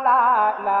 la la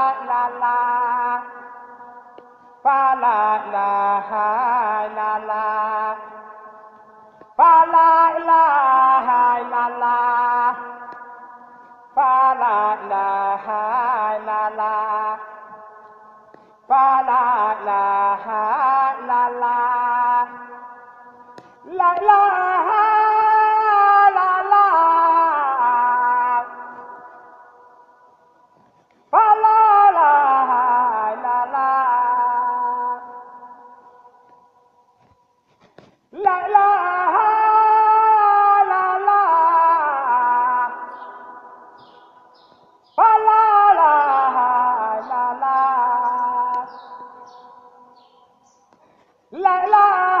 Fa la la ha. 来啦！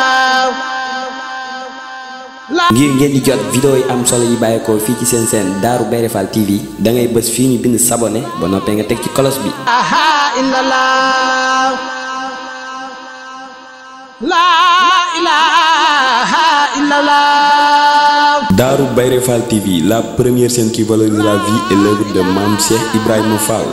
ngir ngeen di jot vidéo yi am solo yi bàyyeekoo fi ci sen sen daru berefal TV da ngay bës fi ñu bind sabonné ba noppé nga tek ci kolos bi. aha inna la ilaha illallah. la daru berefal TV la première chaîne qui valorise la vie et l'œuvre de mam Cheikh Ibrahima Fall.